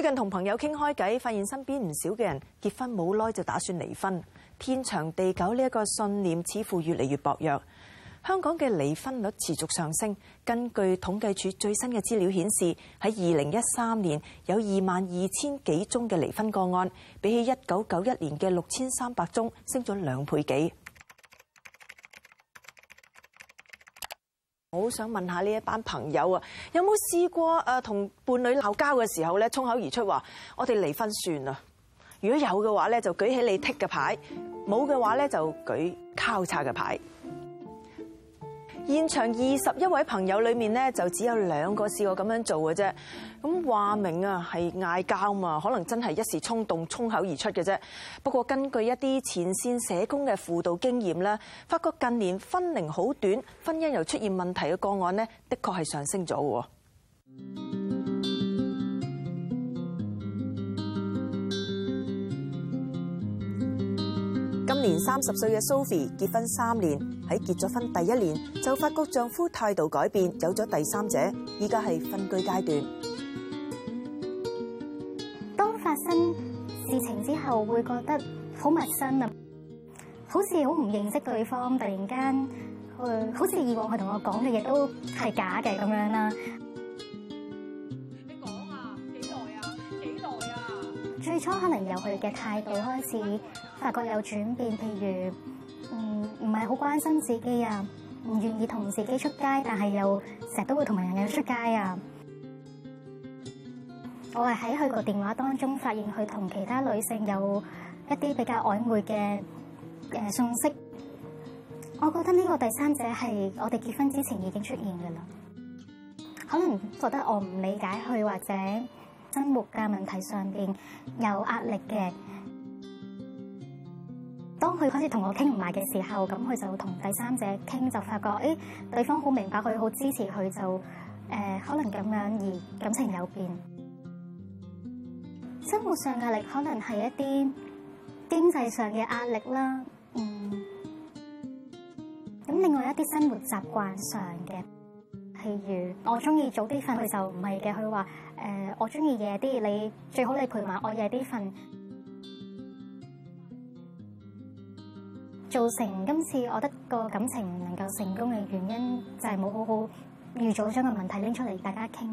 最近同朋友傾開偈，發現身邊唔少嘅人結婚冇耐就打算離婚，天長地久呢一個信念似乎越嚟越薄弱。香港嘅離婚率持續上升，根據統計處最新嘅資料顯示，喺二零一三年有二萬二千幾宗嘅離婚個案，比起一九九一年嘅六千三百宗，升咗兩倍幾。我好想問下呢一班朋友啊，有冇試過誒同伴侶鬧交嘅時候咧，衝口而出話我哋離婚算啦？如果有嘅話咧，就舉起你剔嘅牌；冇嘅話咧，就舉交叉嘅牌。現場二十一位朋友裏面呢，就只有兩個試過咁樣做嘅啫。咁話明啊，係嗌交嘛，可能真係一時衝動衝口而出嘅啫。不過根據一啲前線社工嘅輔導經驗呢，發覺近年婚齡好短，婚姻又出現問題嘅個案呢，的確係上升咗嘅。今年三十歲嘅 Sophie 結婚三年，喺結咗婚第一年就發覺丈夫態度改變，有咗第三者，依家係分居階段。當發生事情之後，我會覺得好陌生啊，好似好唔認識對方，突然間，佢，好似以往佢同我講嘅嘢都係假嘅咁樣啦。最初可能由佢嘅態度開始，發覺有轉變，譬如唔唔係好關心自己啊，唔願意同自己出街，但係又成日都會同埋人哋出街啊。我係喺佢個電話當中發現佢同其他女性有一啲比較曖昧嘅誒信息。我覺得呢個第三者係我哋結婚之前已經出現嘅啦。可能覺得我唔理解佢或者。生活嘅問題上面有壓力嘅，當佢開始同我傾唔埋嘅時候，咁佢就同第三者傾，就發覺誒、哎、對方好明白佢，好支持佢，就、呃、誒可能咁樣而感情有變。生活上嘅壓力可能係一啲經濟上嘅壓力啦，嗯，咁另外一啲生活習慣上嘅。譬如我中意早啲瞓，佢就唔係嘅。佢話，誒，我中意夜啲，你最好你陪埋我夜啲瞓。造成今次我覺得個感情唔能夠成功嘅原因，就係冇好好預早將個問題拎出嚟，大家傾。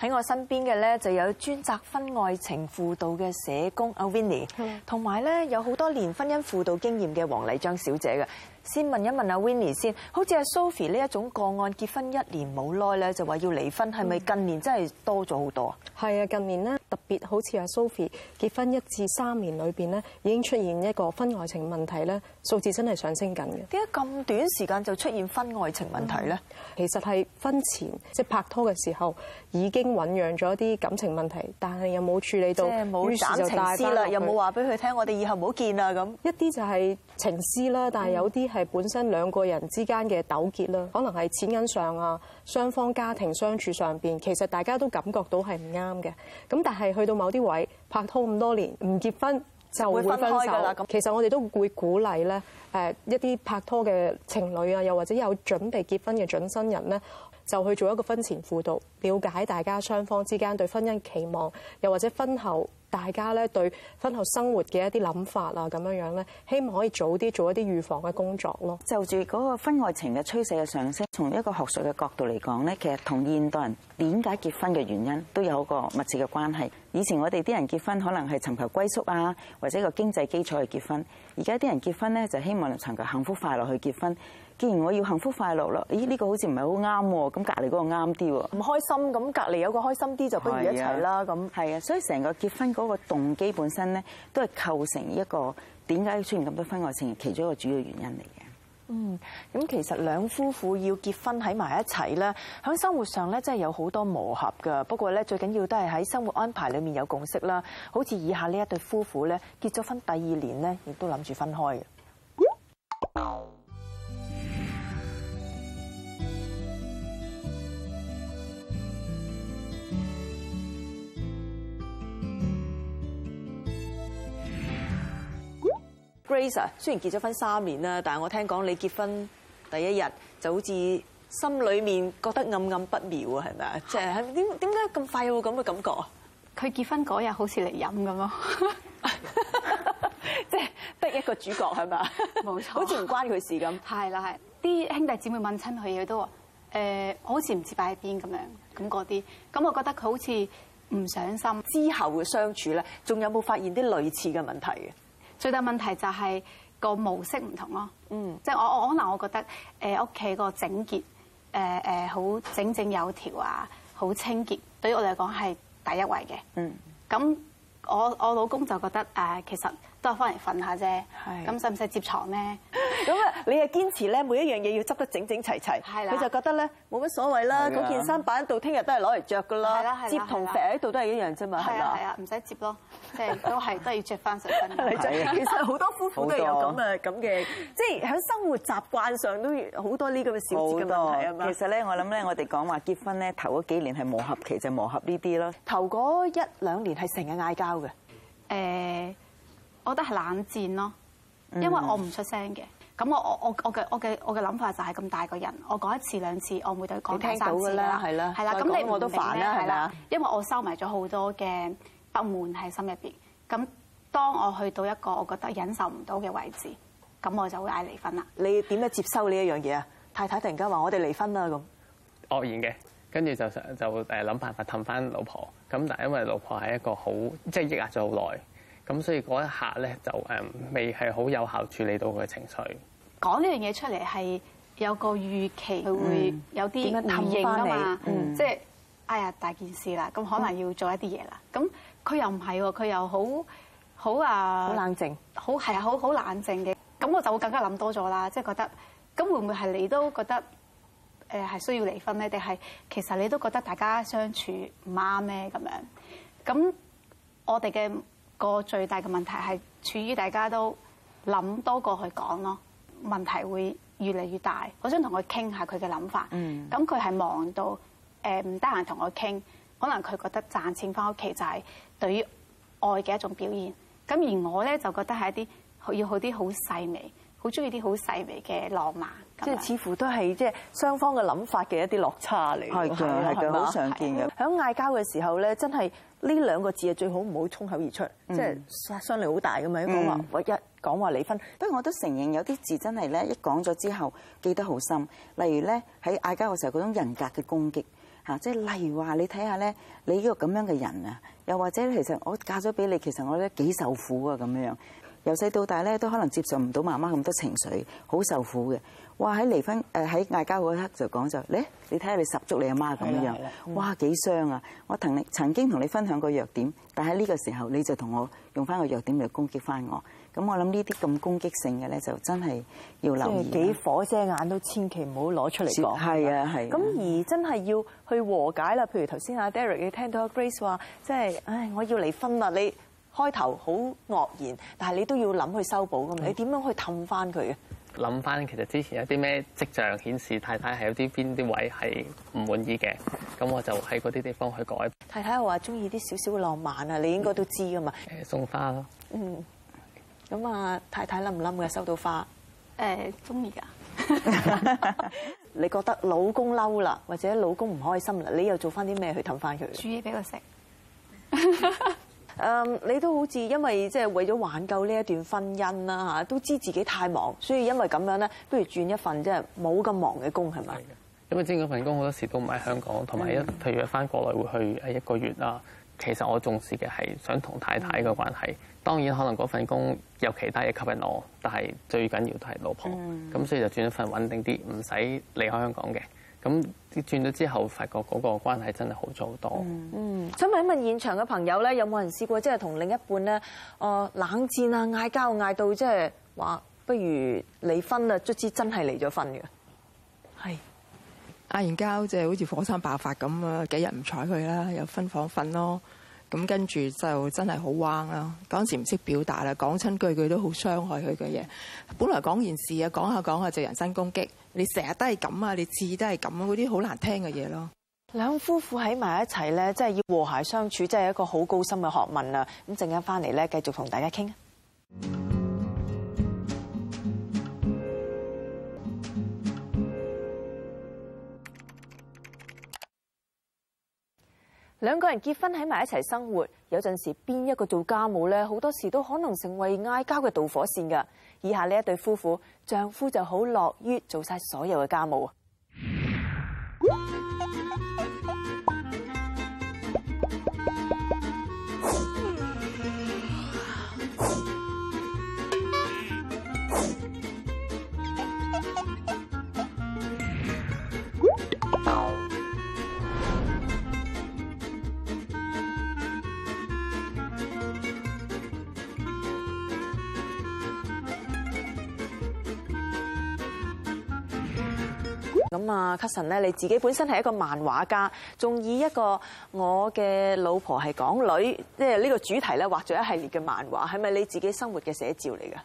喺我身邊嘅咧，就有專責婚愛情輔導嘅社工阿 Winnie，同埋咧有好多年婚姻輔導經驗嘅黃麗彰小姐嘅。先問一問阿 Winnie 先，好似阿 Sophie 呢一種個案，結婚一年冇耐咧就話要離婚，係咪近年真係多咗好多啊？係啊，近年咧。特別好似阿 Sophie 結婚一至三年裏邊咧，已經出現一個婚外情問題咧，數字真係上升緊嘅。點解咁短時間就出現婚外情問題咧、嗯？其實係婚前即係、就是、拍拖嘅時候已經醖釀咗一啲感情問題，但係又冇處理到，即係冇於是就帶翻落去。又冇話俾佢聽，我哋以後唔好見啦咁。一啲就係情絲啦，但係有啲係本身兩個人之間嘅糾結啦、嗯，可能係錢銀上啊、雙方家庭相處上邊，其實大家都感覺到係唔啱嘅。咁但係。係去到某啲位，拍拖咁多年，唔結婚就會分手。咁其實我哋都會鼓勵咧，誒，一啲拍拖嘅情侶啊，又或者有準備結婚嘅準新人咧，就去做一個婚前輔導，了解大家雙方之間對婚姻期望，又或者婚後大家咧對婚後生活嘅一啲諗法啊，咁樣樣咧，希望可以早啲做一啲預防嘅工作咯。就住嗰個婚外情嘅趨勢嘅上升，從一個學術嘅角度嚟講咧，其實同現代人點解結婚嘅原因都有一個密切嘅關係。以前我哋啲人結婚可能係尋求歸宿啊，或者一個經濟基礎去結婚，而家啲人結婚咧就希望能尋求幸福快樂去結婚。既然我要幸福快樂啦，咦呢個好似唔係好啱喎，咁隔離嗰個啱啲喎，唔開心，咁隔離有個開心啲，就不如一齊啦咁。係啊，所以成個結婚嗰個動機本身咧，都係構成一個點解要出現咁多婚外情其中一個主要原因嚟嘅。嗯，咁其實兩夫婦要結婚喺埋一齊咧，喺生活上咧真係有好多磨合噶。不過咧，最緊要都係喺生活安排裡面有共識啦。好似以下呢一對夫婦咧，結咗婚第二年咧，亦都諗住分開嘅。嗯。Grace 啊，雖然結咗婚了三年啦，但係我聽講你結婚第一日就好似心裏面覺得暗暗不妙啊，係咪？是即係喺點點解咁快有咁嘅感覺？佢結婚嗰日好似嚟飲咁咯，即係得一個主角係咪？冇錯，錯好似唔關佢事咁。係啦，係啲兄弟姊妹問親佢嘢都話，誒、呃，我好似唔知擺喺邊咁樣，咁嗰啲，咁我覺得佢好似唔上心。之後嘅相處咧，仲有冇發現啲類似嘅問題嘅？最大問題就係個模式唔同咯，嗯，即，即係我我可能我覺得誒，屋企個整潔誒，誒好整整有條啊，好清潔，對於我嚟講係第一位嘅，嗯，咁我我老公就覺得誒，其實都係翻嚟瞓下啫，係，咁使唔使接床咧？咁啊！你係堅持咧，每一樣嘢要執得整整齊齊。係啦。佢就覺得咧，冇乜所謂啦。嗰件衫擺喺度，聽日都係攞嚟着噶啦。係啦，係啦。摺同摺喺度都係一樣啫嘛。係啊，係啊，唔使接咯，即 係都係都要着翻上身。其實好多夫婦都有咁啊咁嘅，即係喺生活習慣上都好多呢咁嘅小節嘅問題啊。其實咧，我諗咧，我哋講話結婚咧，頭嗰幾年係磨合期，就磨合呢啲咯。頭嗰一兩年係成日嗌交嘅。誒，我覺得係冷戰咯，因為我唔出聲嘅。嗯嗯。咁我我我我嘅我嘅我嘅諗法就係咁大個人，我講一次兩次，我會對佢講兩三次啦，係啦，係啦。咁你了我都煩嘅，係啦，因為我收埋咗好多嘅不滿喺心入邊。咁當我去到一個我覺得忍受唔到嘅位置，咁我就會嗌離婚啦。你點樣接收呢一樣嘢啊？太太突然間話我哋離婚啦，咁，愕然嘅，跟住就就誒諗辦法氹返老婆。咁但係因為老婆係一個好即係抑壓咗好耐。咁所以嗰一下咧就誒、嗯、未係好有效處理到佢嘅情緒講呢樣嘢出嚟係有個預期，佢、嗯、會有啲反應啊嘛，即、嗯、係、就是、哎呀大件事啦，咁可能要做一啲嘢啦。咁佢又唔係喎，佢又好好啊，好、嗯、冷靜，好係啊，好好冷靜嘅。咁我就會更加諗多咗啦，即、就、係、是、覺得咁會唔會係你都覺得誒係、呃、需要離婚咧？定係其實你都覺得大家相處唔啱咩？咁樣？咁我哋嘅。個最大嘅問題係處於大家都諗多過去講咯，問題會越嚟越大。我想同佢傾下佢嘅諗法，嗯，咁佢係忙到誒唔得閒同我傾，可能佢覺得賺錢翻屋企就係對於愛嘅一種表現，咁而我咧就覺得係一啲要好啲好細微，好中意啲好細微嘅浪漫。即係似乎都係即係雙方嘅諗法嘅一啲落差嚟，係嘅係嘅，好常見嘅。喺嗌交嘅時候咧，真係呢兩個字啊，最好唔好衝口而出，即係殺傷力好大嘅嘛。一講話，嗯、我一講話離婚。不過我都承認，有啲字真係咧一講咗之後記得好深。例如咧喺嗌交嘅時候嗰種人格嘅攻擊，嚇，即係例如話你睇下咧，你呢個咁樣嘅人啊，又或者其實我嫁咗俾你，其實我咧幾受苦啊咁樣。由細到大咧，都可能接受唔到媽媽咁多情緒，好受苦嘅。哇！喺離婚誒喺嗌交嗰刻就講就，咧 你睇下你十足你阿媽咁樣，哇幾傷啊！我同你曾經同你分享過弱點，但喺呢個時候你就同我用翻個弱點嚟攻擊翻我。咁我諗呢啲咁攻擊性嘅咧，就真係要留意。幾火遮眼都千祈唔好攞出嚟講。係啊，係。咁而真係要去和解啦。譬如頭先阿 Derek，你聽到 Grace 話，即係唉我要離婚啦你。開頭好愕然，但係你都要諗去修補噶嘛、嗯？你點樣去氹翻佢嘅？諗翻其實之前有啲咩跡象顯示太太係有啲邊啲位係唔滿意嘅，咁我就喺嗰啲地方去改。太太又話中意啲少少嘅浪漫啊，你應該都知噶嘛？誒，送花咯。嗯。咁啊，太太冧唔冧嘅收到花？誒、欸，中意㗎。 你覺得老公嬲啦，或者老公唔開心啦，你又做翻啲咩去氹翻佢？煮嘢俾佢食。 誒，你都好似因為即係為咗挽救呢一段婚姻啦、啊、嚇，都知自己太忙，所以因為咁樣咧，不如轉一份即係冇咁忙嘅工係咪？因為之前嗰份工好多時都唔喺香港，同埋一譬如一翻國內會去誒一個月啦。嗯、其實我重視嘅係想同太太嘅關係，嗯、當然可能嗰份工有其他嘢吸引我，但係最緊要都係老婆。咁、嗯、所以就轉一份穩定啲，唔使離開香港嘅。咁轉咗之後，發覺嗰個關係真係好咗好多，嗯嗯。嗯，想問一問現場嘅朋友咧，有冇人試過即係同另一半咧，誒、呃、冷戰啊、嗌交嗌到即係話不如離婚，離婚啊，卒之真係離咗婚嘅？係，嗌完交即係好似火山爆發咁啊！幾日唔睬佢啦，又分房瞓咯。咁跟住就真係好彎啦！嗰陣時唔識表達啦，講親句句都好傷害佢嘅嘢。本來講件事啊，講下講下就人身攻擊。你成日都係咁啊，你字都係咁啊，嗰啲好難聽嘅嘢咯。兩夫婦喺埋一齊咧，真係要和諧相處，真係一個好高深嘅學問啊！咁陣間翻嚟咧，繼續同大家傾啊。兩個人結婚喺埋一齊生活，有陣時邊一個做家務咧，好多時都可能成為嗌交嘅導火線噶。以下呢一對夫婦，丈夫就好樂於做晒所有嘅家務。咁啊 Cuson 咧，Cussure, 你自己本身係一個漫畫家，仲以一個我嘅老婆係港女，即係呢個主題咧，畫咗一系列嘅漫畫，係咪你自己生活嘅寫照嚟噶？誒、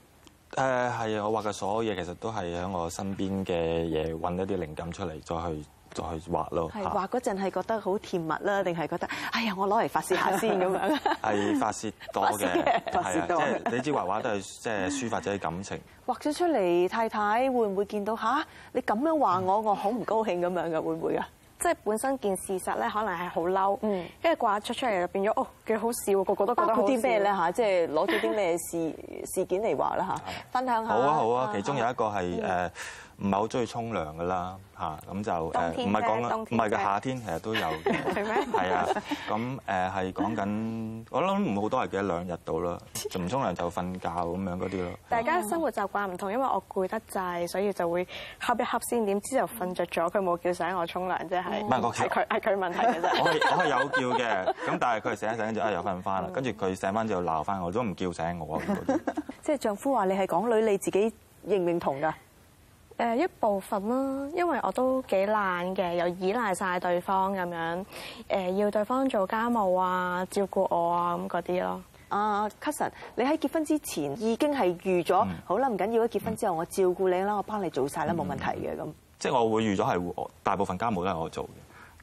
呃，係啊，我畫嘅所有嘢其實都係喺我身邊嘅嘢揾一啲靈感出嚟再去。就去畫咯。畫嗰陣係覺得好甜蜜啦，定係覺得哎呀，我攞嚟發泄下先咁樣。係 發泄多嘅，係啊，即係、就是、你知畫畫都係即係抒發者感情。畫咗出嚟，太太會唔會見到吓、啊、你咁樣話我，我好唔高興咁樣嘅，會唔會啊？即係本身件事實咧，可能係好嬲，嗯，跟住掛出出嚟就變咗哦，幾好笑，個個都覺得好笑。包括啲咩咧，即係攞咗啲咩事事件嚟畫啦，分享下。好啊好啊，啊，其中有一個係唔係好中意沖涼嘅啦，嚇咁就誒，唔係講緊冬天，唔係㗎，夏天，其實都有嘅，係 咩？係啊，咁誒係講緊，我諗唔好多係幾一兩日到啦，仲唔沖涼就瞓覺咁樣嗰啲咯。大家生活習慣唔同，因為我攰得滯，所以就會瞌一瞌先。點知又瞓着咗，佢冇叫醒我沖涼，即係唔係？我佢係佢問題嘅啫。我係我係有叫嘅，咁但係佢醒一醒就啊又瞓翻啦，跟住佢醒翻就鬧翻我，都唔叫醒我、嗰啲、即係丈夫話你係港女，你自己認唔認同㗎？誒一部分啦，因為我都幾懶嘅，又依賴晒對方咁樣，誒要對方做家務啊、照顧我啊咁嗰啲咯。啊、uh，Cousin，你喺結婚之前已經係預咗，mm. 好啦，唔緊要啦，結婚之後我照顧你啦，mm. 我幫你做晒啦，冇問題嘅咁。即係我會預咗係大部分家務都係我做嘅，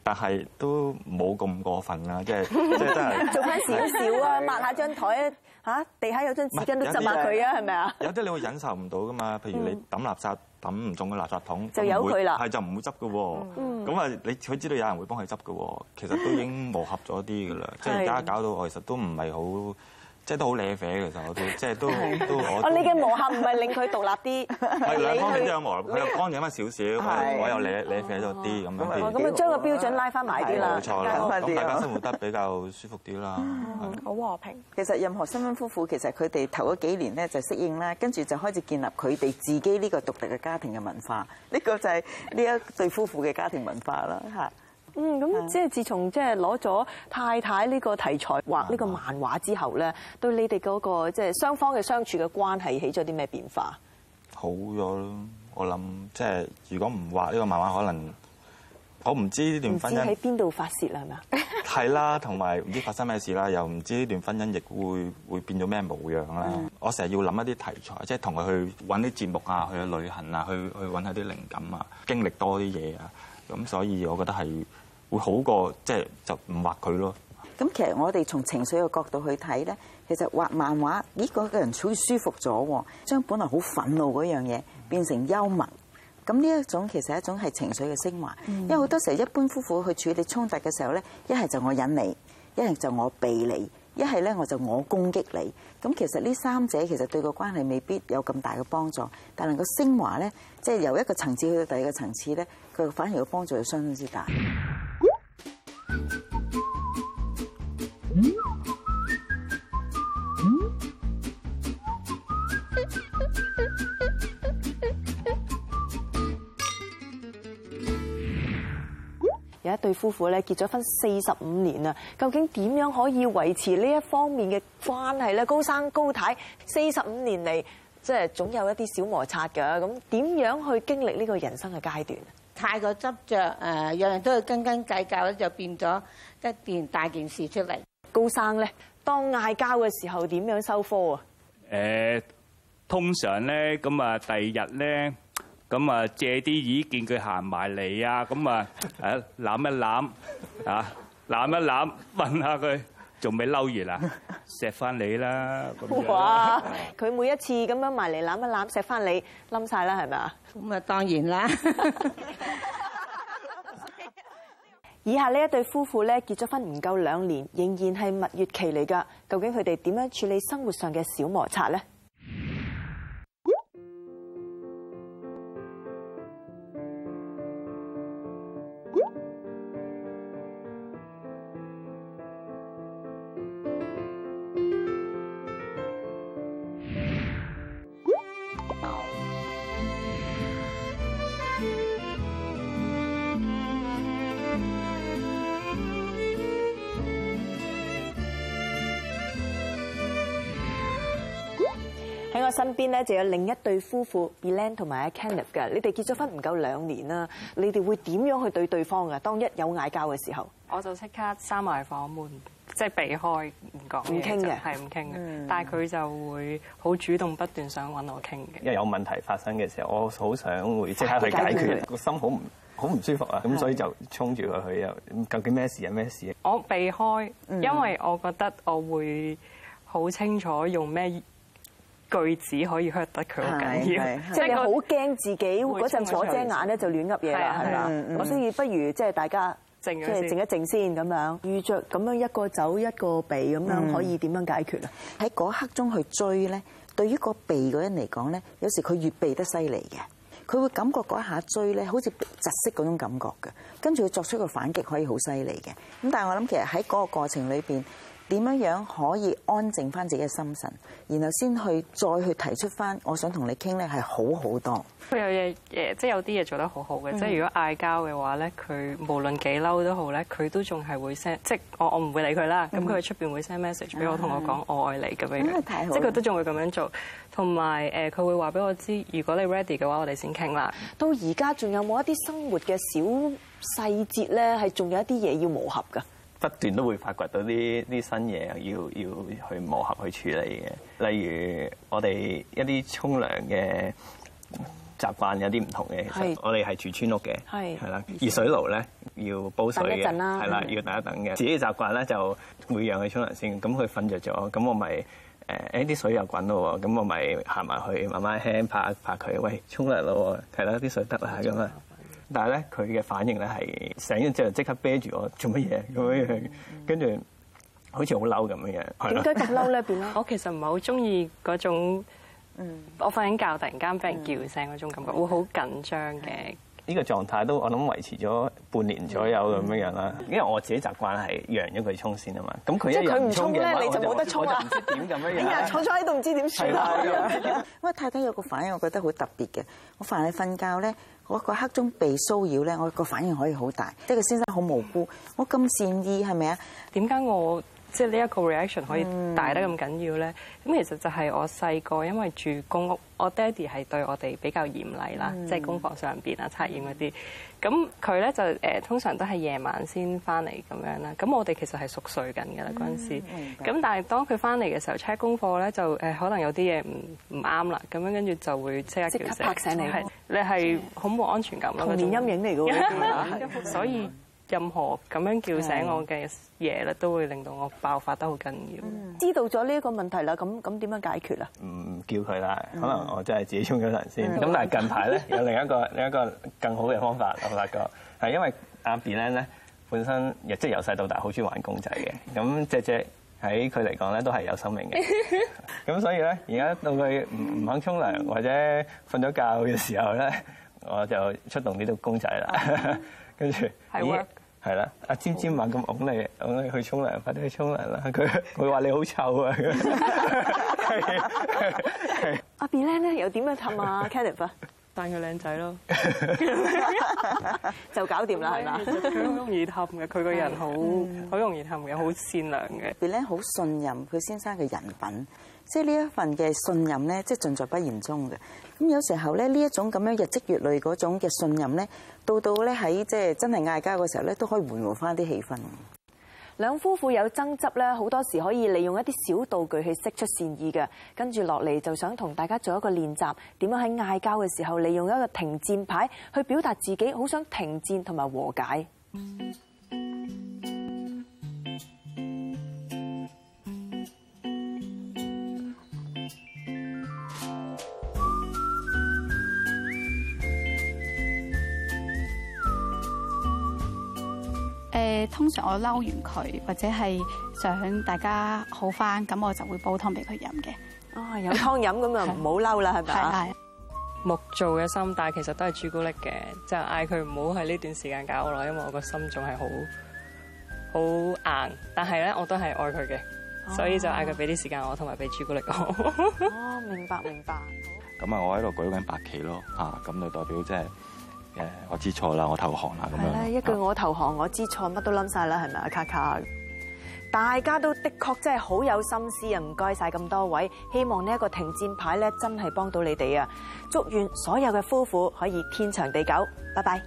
但係都冇咁過分啦，即係即係真係做翻少少啊， 抹下張台啊。吓地下有張紙巾都執埋佢啊，係咪啊？有啲你會忍受唔到噶嘛？譬如你抌垃圾抌唔中個垃圾桶，就由佢啦。係就唔會執噶喎。咁啊，嗯、你佢知道有人會幫佢執噶喎。其實都已經磨合咗啲㗎啦。 即係而家搞到我，其實都唔係好。即係都好咧啡嘅，其實、 哦、 我都即係都都我。哦，你嘅磨合唔係令佢獨立啲，係兩方面都有磨合，你佢佢又乾淨翻少少，我有又咧咧啡咗啲咁樣。咁啊，咁啊，將個標準拉翻埋啲啦，冇、嗯、錯，拉啲，大家生活得比較舒服啲啦、嗯。好和平。其實任何新婚夫婦，其實佢哋頭嗰幾年咧就適應啦，跟住就開始建立佢哋自己呢個獨立嘅家庭嘅文化。呢、這個就係呢一對夫婦嘅家庭文化啦，嚇嗯，咁即係自從即係攞咗太太呢個題材畫呢個漫畫之後咧，對你哋嗰個即係雙方嘅相處嘅關係起咗啲咩變化？好咗咯，我諗即係如果唔畫呢個漫畫，可能我唔知呢段婚姻喺邊度發泄啦。係咪？係啦，同埋唔知發生咩事啦，又唔知呢段婚姻亦會會變咗咩模樣啦。我成日要諗一啲題材，即係同佢去搵啲節目啊，去旅行啊，去去搵下啲靈感啊，經歷多啲嘢啊。咁所以我覺得係。會好過即係就唔、是、畫佢咯。咁其實我哋從情緒嘅角度去睇咧，其實畫漫畫呢、那個嘅人處舒服咗，將本來好憤怒嗰樣嘢變成幽默。咁呢一種其實一種係情緒嘅升華，因為好多時候一般夫婦去處理衝突嘅時候咧，一係就我忍你，一係就我避你，一係咧我就我攻擊你。咁其實呢三者其實對個關係未必有咁大嘅幫助，但能夠升華咧，即、就、係、是、由一個層次去到第二個層次咧，佢反而嘅幫助係相當之大。一對夫婦咧結咗婚四十五年啦，究竟點樣可以維持呢一方面嘅關係咧？高生高太四十五年嚟，即係總有一啲小摩擦噶。咁點樣去經歷呢個人生嘅階段？太過執着誒，樣樣都要斤斤計較咧，就變咗一件大件事出嚟。高生咧，當嗌交嘅時候，點樣收科啊？誒、呃，通常咧，咁啊，第二日咧。咁啊，借啲意見佢行埋嚟啊！咁啊，誒攬一攬，啊攬一攬，問下佢仲未嬲完啊？錫翻你啦！哇！佢每一次咁樣埋嚟攬一攬，錫翻你冧曬啦，係咪啊？咁啊，當然啦！以下呢一對夫婦咧結咗婚唔夠兩年，仍然係蜜月期嚟㗎。究竟佢哋點樣處理生活上嘅小摩擦咧？邊咧就有另一對夫婦 Elen 同埋阿 Kenneth 嘅，你哋結咗婚唔夠兩年啦，mm -hmm. 你哋會點樣去對對方嘅？當一有嗌交嘅時候，我就即刻閂埋房門，即係避開唔講唔傾嘅，係唔傾嘅。Mm -hmm. 但係佢就會好主動不斷想揾我傾嘅。因為有問題發生嘅時候，我好想會即刻去解決，個心好唔好唔舒服啊！咁、mm -hmm. 所以就衝住佢，去。又究竟咩事啊？咩事我避開，mm -hmm. 因為我覺得我會好清楚用咩。句子可以 hurt 得佢好緊要是，即係、就是、你好驚自己嗰陣坐遮眼咧就亂噏嘢啦，係嘛、啊？我所以不如即係大家即係靜一靜先咁樣，遇着咁樣一個走一個避咁樣可以點樣解決啊？喺、嗯、嗰刻中去追咧，對於個避嗰人嚟講咧，有時佢越避得犀利嘅，佢會感覺嗰下追咧好似窒息嗰種感覺嘅，跟住佢作出一個反擊可以好犀利嘅。咁但係我諗其實喺嗰個過程裏邊。點樣樣可以安靜翻自己嘅心神，然後先去再去提出翻，我想同你傾咧係好好多。佢有嘢誒、就是嗯，即係有啲嘢做得好好嘅，即係如果嗌交嘅話咧，佢無論幾嬲都好咧，佢都仲係會 send，即係我我唔會理佢啦。咁佢喺出邊會 send message 俾我，同、嗯、我講我，我愛你咁樣樣，即係佢都仲會咁樣做。同埋誒，佢會話俾我知，如果你 ready 嘅話，我哋先傾啦。到而家仲有冇一啲生活嘅小細節咧？係仲有一啲嘢要磨合㗎。不斷都會發掘到啲啲新嘢，要要去磨合去處理嘅。例如我哋一啲沖涼嘅習慣有啲唔同嘅。其實我哋係住村屋嘅，係啦，熱水爐咧要煲水嘅，係啦，要等一等嘅。自己嘅習慣咧就會讓佢沖涼先。咁佢瞓着咗，咁我咪誒，誒、呃、啲水又滾咯喎，咁我咪行埋去慢慢輕拍一拍佢，喂，沖涼咯喎，係啦，啲水得啦咁啊。嗯但係咧，佢嘅反應咧係醒咗之後即刻啤住我做乜嘢咁樣，嗯、跟住好似好嬲咁樣。點解咁嬲咧？ 變咧，我其實唔係好中意嗰種，嗯、我瞓緊覺突然間俾人叫聲嗰種感覺，嗯、會好緊張嘅。呢、這個狀態都我諗維持咗半年左右咁樣樣啦，嗯、因為我自己習慣係讓咗佢衝先啊嘛。咁佢一佢唔衝咧，你就冇得衝啊！哎呀，坐坐喺度唔知點算啊！因 為、啊、 太太有個反應，我覺得好特別嘅。我凡你瞓覺咧，我個黑中被騷擾咧，我個反應可以好大。即係個先生好無辜，我咁善意係咪啊？點解我？即係呢一個 reaction 可以大得咁緊要咧，咁、嗯、其實就係我細個因為住公屋，我爹哋係對我哋比較嚴厲啦，嗯、即係功課上邊啊、測驗嗰啲。咁佢咧就誒通常都係夜晚先翻嚟咁樣啦。咁我哋其實係熟睡緊㗎啦嗰陣時。咁、嗯、但係當佢翻嚟嘅時候 check 功課咧，就誒可能有啲嘢唔唔啱啦。咁樣跟住就會即刻拍醒你。你係好冇安全感咯，嗰啲陰，陰影嚟㗎。所以。任何咁樣叫醒我嘅嘢咧，都會令到我爆發得好緊要、嗯。知道咗呢一個問題啦，咁咁點樣解決啊？唔、嗯、叫佢啦，可能我真係自己沖咗涼先。咁、嗯、但係近排咧 有另一個另一個更好嘅方法，我發覺係因為阿 b i n 咧本身亦即係由細到大好鍾意玩公仔嘅。咁隻隻喺佢嚟講咧都係有生命嘅。咁 所以咧，而家到佢唔肯沖涼、嗯、或者瞓咗覺嘅時候咧，我就出動呢啲公仔啦。嗯。跟住，咦，係啦，阿尖尖猛咁拱你，擁你去沖涼，快啲去沖涼啦！佢佢話你好臭啊！阿 Billan 咧又點樣氹啊？Catherine，佢靚仔咯， 就搞掂啦，係啦，佢好容易氹嘅，佢個人好好容易氹嘅，好善良嘅。Billan 好信任佢先生嘅人品。即係呢一份嘅信任呢，即係盡在不言中嘅。咁有時候咧，呢一種咁樣日積月累嗰種嘅信任呢，到到咧喺即係真係嗌交嘅時候呢，都可以緩和翻啲氣氛。兩夫婦有爭執呢，好多時可以利用一啲小道具去釋出善意嘅。跟住落嚟就想同大家做一個練習，點樣喺嗌交嘅時候利用一個停戰牌去表達自己好想停戰同埋和解。嗯通常我嬲完佢，或者係想大家好返，咁我就會煲湯俾佢飲嘅。哦，有湯飲咁就唔好嬲啦，係咪？係係係木造嘅心，但係其實都係朱古力嘅，就嗌佢唔好喺呢段時間搞我咯，因為我個心仲係好好硬。但係咧，我都係愛佢嘅，所以就嗌佢俾啲時間我，同埋俾朱古力我。哦，明白明白。咁啊，我喺度舉緊白旗咯，啊，咁就代表即係。誒，我知錯啦，我投降啦，咁樣咧一句我投降，我知錯，乜都冧晒啦，係咪啊，卡卡？大家都的確真係好有心思啊，唔該晒咁多位，希望呢一個停戰牌咧真係幫到你哋啊！祝願所有嘅夫婦可以天長地久，拜拜。